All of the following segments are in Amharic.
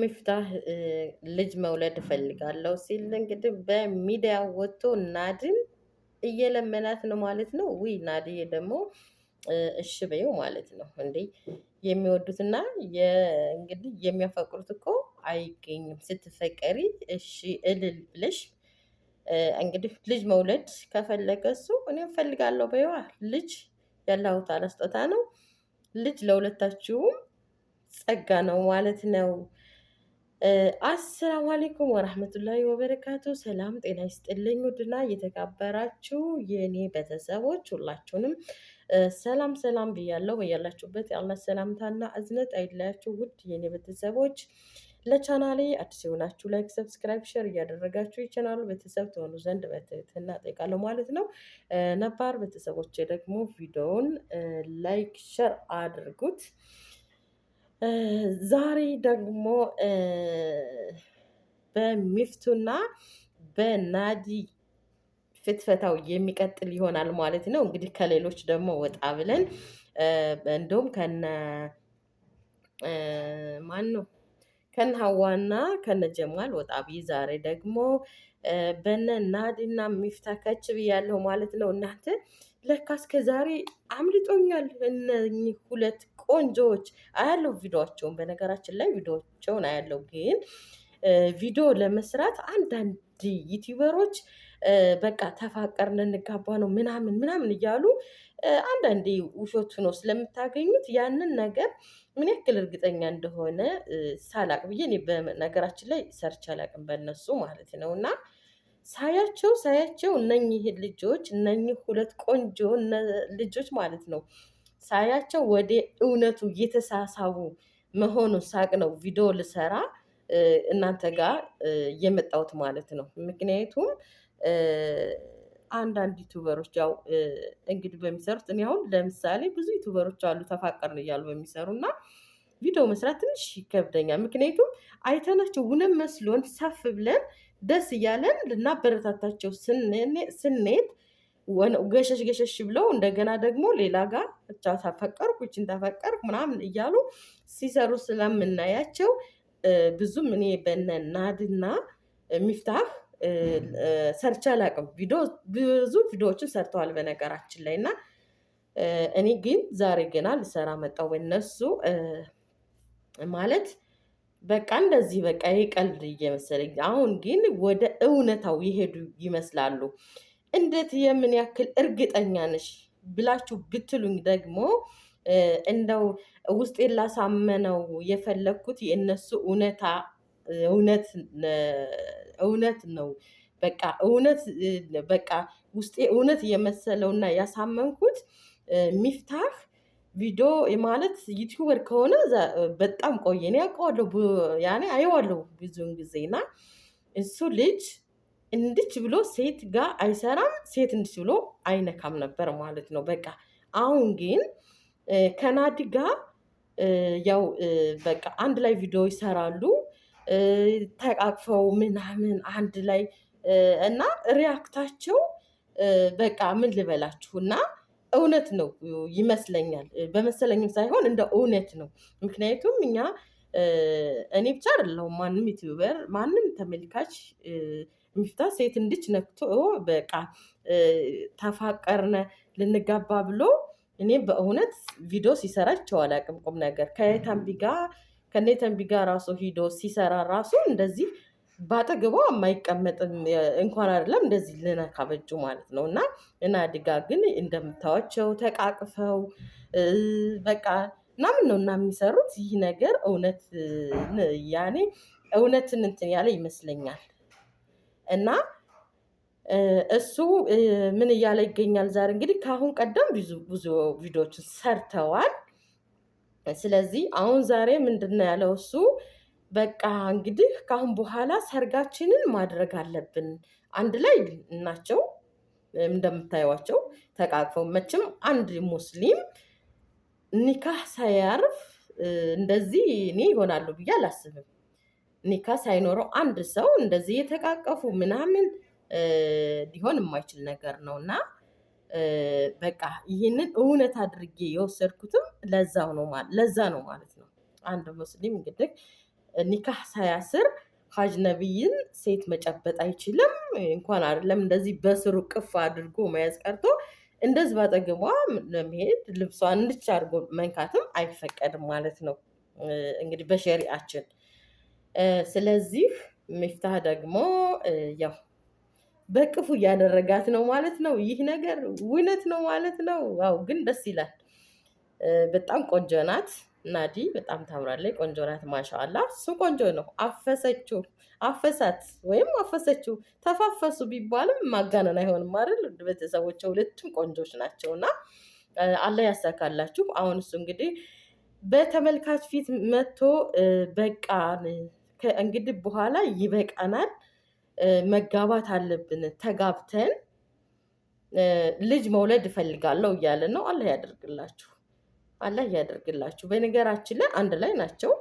ሚፍታህ ልጅ መውለድ እፈልጋለሁ ሲል እንግዲህ በሚዲያ ወጥቶ ናድን እየለመናት ነው ማለት ነው። ዊ ናድዬ ደግሞ እሺ በይው ማለት ነው እንዴ! የሚወዱትና እንግዲህ የሚያፈቅሩት እኮ አይገኝም። ስትፈቀሪ እሺ እልል ብለሽ እንግዲህ ልጅ መውለድ ከፈለገ እሱ እኔ ፈልጋለሁ በይዋ። ልጅ ያላሁት አላስጦታ ነው። ልጅ ለሁለታችሁም ጸጋ ነው ማለት ነው። አሰላሙ አሌይኩም ወራህመቱላሂ ወበረካቱ። ሰላም ጤና ይስጥልኝ። ውድና እየተጋበራችሁ የእኔ ቤተሰቦች ሁላችሁንም ሰላም ሰላም ብያለሁ። በያላችሁበት የአላህ ሰላምታና እዝነት አይለያችሁ። ውድ የእኔ ቤተሰቦች ለቻናሌ አዲስ የሆናችሁ ላይክ፣ ሰብስክራይብ፣ ሸር እያደረጋችሁ ይቻናሉ ቤተሰብ ትሆኑ ዘንድ በትህትና እጠይቃለሁ ማለት ነው። ነባር ቤተሰቦቼ ደግሞ ቪዲዮውን ላይክ ሸር አድርጉት። ዛሬ ደግሞ በሚፍቱና በናዲ ፍትፈታው የሚቀጥል ይሆናል ማለት ነው። እንግዲህ ከሌሎች ደግሞ ወጣ ብለን እንደውም ከነ ማን ነው ከነ ሀዋና ከነ ጀማል ወጣ ብዬ ዛሬ ደግሞ በነ ናዲና ሚፍታ ከች ብያለሁ ማለት ነው። እናንተ ለካ እስከ ዛሬ አምልጦኛል። እነኚህ ሁለት ቆንጆዎች አያለው ቪዲዮቸውን። በነገራችን ላይ ቪዲዮቸውን አያለው፣ ግን ቪዲዮ ለመስራት አንዳንድ ዩቲዩበሮች በቃ ተፋቀርን እንጋባ ነው ምናምን ምናምን እያሉ አንዳንዴ ውሾቹ ነው ስለምታገኙት ያንን ነገር ምን ያክል እርግጠኛ እንደሆነ ሳላቅ ብዬ እኔ በነገራችን ላይ ሰርች አላቅም በነሱ ማለት ነው እና ሳያቸው ሳያቸው እነኚህ ልጆች እነኚህ ሁለት ቆንጆ ልጆች ማለት ነው ሳያቸው ወደ እውነቱ እየተሳሳቡ መሆኑን ሳቅ ነው ቪዲዮ ልሰራ እናንተ ጋር የመጣሁት ማለት ነው። ምክንያቱም አንዳንድ ዩቱበሮች ያው እንግዲህ በሚሰሩት እኔ አሁን ለምሳሌ ብዙ ዩቱበሮች አሉ ተፋቀርን እያሉ በሚሰሩ እና ቪዲዮ መስራት ትንሽ ይከብደኛል። ምክንያቱም አይተናቸው ውንም መስሎን ሰፍ ብለን ደስ እያለን ልናበረታታቸው ስንሄድ ገሸሽ ገሸሽ ብለው እንደገና ደግሞ ሌላ ጋር ብቻ ታፈቀርኩ ይችን ታፈቀርኩ ምናምን እያሉ ሲሰሩ ስለምናያቸው ብዙም እኔ በነ ናድና ሚፍታህ ሰርቻ አላውቅም። ብዙ ቪዲዮዎችን ሰርተዋል በነገራችን ላይ እና እኔ ግን ዛሬ ገና ልሰራ መጣሁ። እነሱ ማለት በቃ እንደዚህ በቃ ይሄ ቀልድ እየመሰለኝ፣ አሁን ግን ወደ እውነታው የሄዱ ይመስላሉ። እንዴት የምን ያክል እርግጠኛ ነሽ ብላችሁ ብትሉኝ ደግሞ እንደው ውስጤን ላሳመነው የፈለግኩት የእነሱ እውነታ እውነት እውነት ነው። በቃ እውነት በቃ ውስጤ እውነት እና ያሳመንኩት ሚፍታህ ቪዲዮ ማለት ዩቲዩበር ከሆነ በጣም ቆየ። እኔ አውቀዋለሁ፣ ያኔ አየዋለሁ ብዙውን ጊዜ እና እሱ ልጅ እንድች ብሎ ሴት ጋር አይሰራም፣ ሴት እንድች ብሎ አይነካም ነበር ማለት ነው። በቃ አሁን ግን ከናዲ ጋር ያው በቃ አንድ ላይ ቪዲዮ ይሰራሉ። ተቃቅፈው ምናምን አንድ ላይ እና ሪያክታቸው በቃ ምን ልበላችሁ እና እውነት ነው ይመስለኛል። በመሰለኝም ሳይሆን እንደ እውነት ነው። ምክንያቱም እኛ እኔ ብቻ አይደለሁም ማንም ዩቲዩበር ማንም ተመልካች ሚፍታ ሴት እንድች ነክቶ በቃ ተፋቀርነ ልንጋባ ብሎ እኔ በእውነት ቪዲዮ ሲሰራ ይቸዋል አላቅም ቁም ነገር ከየታምቢ ጋር ከኔ ተንቢ ራሱ ሂዶ ሲሰራ ራሱ እንደዚህ በአጠገቧ የማይቀመጥም እንኳን አይደለም እንደዚህ ልነካ ማለት ነው። እና ድጋ ግን እንደምታዋቸው ተቃቅፈው በቃ ምናምን ነው እና የሚሰሩት ይህ ነገር እውነት ያኔ እውነትን እንትን ያለ ይመስለኛል። እና እሱ ምን እያለ ይገኛል ዛሬ እንግዲህ ከአሁን ቀደም ብዙ ቪዲዮዎችን ሰርተዋል። ስለዚህ አሁን ዛሬ ምንድን ነው ያለው እሱ በቃ እንግዲህ ከአሁን በኋላ ሰርጋችንን ማድረግ አለብን። አንድ ላይ ናቸው እንደምታዩዋቸው ተቃቅፈው። መቼም አንድ ሙስሊም ኒካህ ሳያርፍ እንደዚህ እኔ ይሆናሉ ብዬ አላስብም። ኒካ ሳይኖረው አንድ ሰው እንደዚህ የተቃቀፉ ምናምን ሊሆን የማይችል ነገር ነው እና በቃ ይህንን እውነት አድርጌ የወሰድኩትም ለዛው ነው ለዛ ነው ማለት ነው። አንድ ሙስሊም እንግዲህ ኒካህ ሳያስር ሀጅ ነቢይን ሴት መጨበጥ አይችልም። እንኳን አይደለም እንደዚህ በስሩ ቅፍ አድርጎ መያዝ ቀርቶ እንደዚህ ባጠገቧ ለመሄድ ልብሷን እንድች አድርጎ መንካትም አይፈቀድም ማለት ነው እንግዲህ በሸሪአችን። ስለዚህ ሚፍታህ ደግሞ ያው በቅፉ እያደረጋት ነው ማለት ነው። ይህ ነገር ውነት ነው ማለት ነው። ዋው ግን ደስ ይላል። በጣም ቆንጆ ናት ናዲ፣ በጣም ታምራለች። ቆንጆ ናት ማሻአላ። እሱ ቆንጆ ነው። አፈሰችው፣ አፈሳት ወይም አፈሰችው። ተፋፈሱ ቢባልም ማጋነን አይሆንም አይደል? ቤተሰቦች ሁለቱም ቆንጆች ናቸው እና አለ ያሳካላችሁ። አሁን እሱ እንግዲህ በተመልካች ፊት መጥቶ በቃ እንግዲህ በኋላ ይበቃናል መጋባት አለብን። ተጋብተን ልጅ መውለድ እፈልጋለሁ እያለ ነው። አላህ ያደርግላችሁ፣ አላህ ያደርግላችሁ። በነገራችን ላይ አንድ ላይ ናቸው።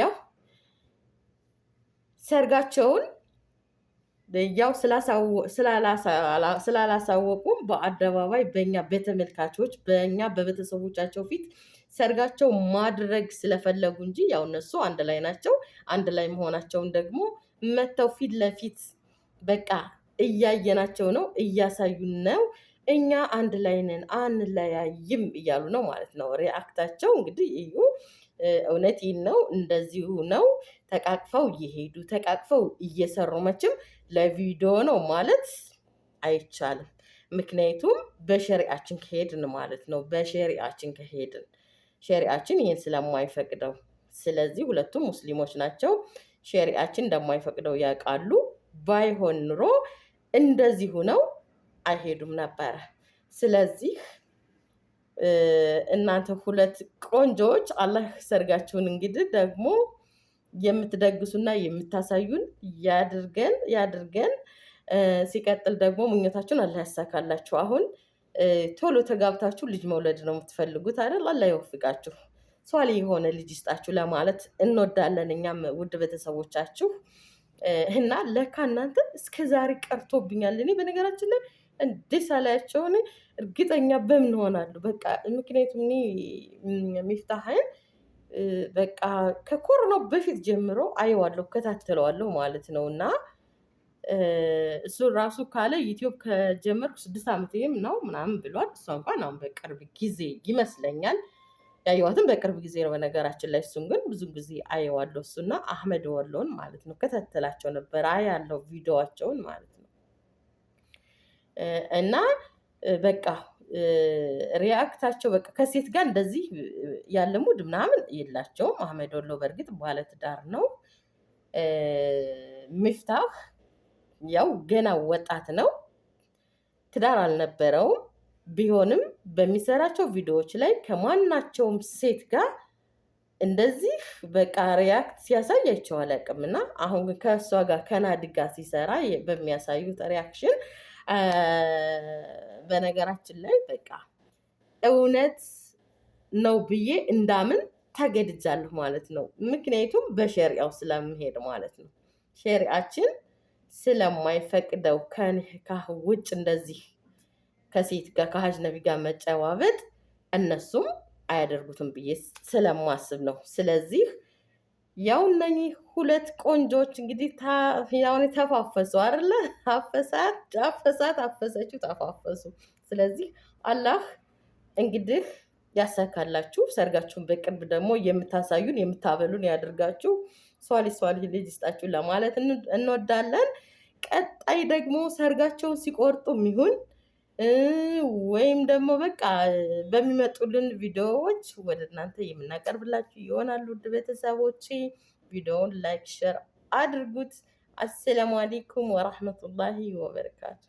ያው ሰርጋቸውን ያው ስላላሳወቁም በአደባባይ በእኛ በተመልካቾች በእኛ በቤተሰቦቻቸው ፊት ሰርጋቸው ማድረግ ስለፈለጉ እንጂ ያው እነሱ አንድ ላይ ናቸው። አንድ ላይ መሆናቸውን ደግሞ መተው ፊት ለፊት በቃ እያየናቸው ነው፣ እያሳዩን ነው። እኛ አንድ ላይ ነን አንለያይም እያሉ ነው ማለት ነው። ሪአክታቸው እንግዲህ እዩ። እውነት ነው፣ እንደዚሁ ነው። ተቃቅፈው እየሄዱ ተቃቅፈው እየሰሩ መቼም ለቪዲዮ ነው ማለት አይቻልም። ምክንያቱም በሸሪአችን ከሄድን ማለት ነው በሸሪአችን ከሄድን ሸሪአችን ይህን ስለማይፈቅደው፣ ስለዚህ ሁለቱም ሙስሊሞች ናቸው። ሸሪአችን እንደማይፈቅደው ያውቃሉ። ባይሆን ኑሮ እንደዚሁ ነው አይሄዱም ነበረ። ስለዚህ እናንተ ሁለት ቆንጆዎች አላህ ሰርጋችሁን እንግዲህ ደግሞ የምትደግሱና የምታሳዩን ያድርገን ያድርገን። ሲቀጥል ደግሞ ምኞታችሁን አላህ ያሳካላችሁ አሁን ቶሎ ተጋብታችሁ ልጅ መውለድ ነው የምትፈልጉት አይደል? አላህ ይወፍቃችሁ፣ ሷሊ የሆነ ልጅ ይስጣችሁ ለማለት እንወዳለን እኛም ውድ ቤተሰቦቻችሁ እና ለካ እናንተ እስከ ዛሬ ቀርቶብኛል። እኔ በነገራችን ላይ እንዴት ሳላያቸውን እርግጠኛ በምን ሆናሉ። በቃ ምክንያቱም እኔ ሚፍታህን በቃ ከኮሮናው በፊት ጀምሮ አየዋለሁ፣ ከታተለዋለሁ ማለት ነው እና እሱ ራሱ ካለ ዩቲዩብ ከጀመርኩ ስድስት ዓመት ይህም ነው ምናምን ብሏል። እሷ እንኳን አሁን በቅርብ ጊዜ ይመስለኛል ያየዋትን በቅርብ ጊዜ ነው። በነገራችን ላይ እሱም ግን ብዙ ጊዜ አየዋለሁ። እሱና አህመድ ወሎን ማለት ነው ከተተላቸው ነበር አያለው ቪዲዮዋቸውን ማለት ነው። እና በቃ ሪያክታቸው በቃ ከሴት ጋር እንደዚህ ያለ ሙድ ምናምን የላቸውም። አህመድ ወሎ በእርግጥ ባለትዳር ነው። ሚፍታህ ያው ገና ወጣት ነው፣ ትዳር አልነበረውም። ቢሆንም በሚሰራቸው ቪዲዮዎች ላይ ከማናቸውም ሴት ጋር እንደዚህ በቃ ሪያክት ሲያሳይ አይቼው አላውቅም። እና አሁን ግን ከእሷ ጋር ከናዲ ጋር ሲሰራ በሚያሳዩት ሪያክሽን በነገራችን ላይ በቃ እውነት ነው ብዬ እንዳምን ተገድጃለሁ ማለት ነው። ምክንያቱም በሸሪያው ስለምሄድ ማለት ነው ሸሪያችን ስለማይፈቅደው ከኒካህ ውጭ እንደዚህ ከሴት ጋር ነቢ ጋር መጨባበጥ እነሱም አያደርጉትም ብዬ ስለማስብ ነው። ስለዚህ ያው እነኚህ ሁለት ቆንጆች እንግዲህ ሁን ተፋፈሱ አይደለ? አፈሳት አፈሳት አፈሰችው ተፋፈሱ። ስለዚህ አላህ እንግዲህ ያሳካላችሁ። ሰርጋችሁን በቅርብ ደግሞ የምታሳዩን የምታበሉን ያደርጋችሁ። ሷሊ ሷሊ ልጅ ይስጣችሁ ለማለት እንወዳለን። ቀጣይ ደግሞ ሰርጋቸውን ሲቆርጡ የሚሆን ወይም ደግሞ በቃ በሚመጡልን ቪዲዮዎች ወደ እናንተ የምናቀርብላችሁ ይሆናሉ። ውድ ቤተሰቦች ቪዲዮውን ላይክ፣ ሸር አድርጉት። አሰላሙ አሌይኩም ወራህመቱላሂ ወበረካቱ።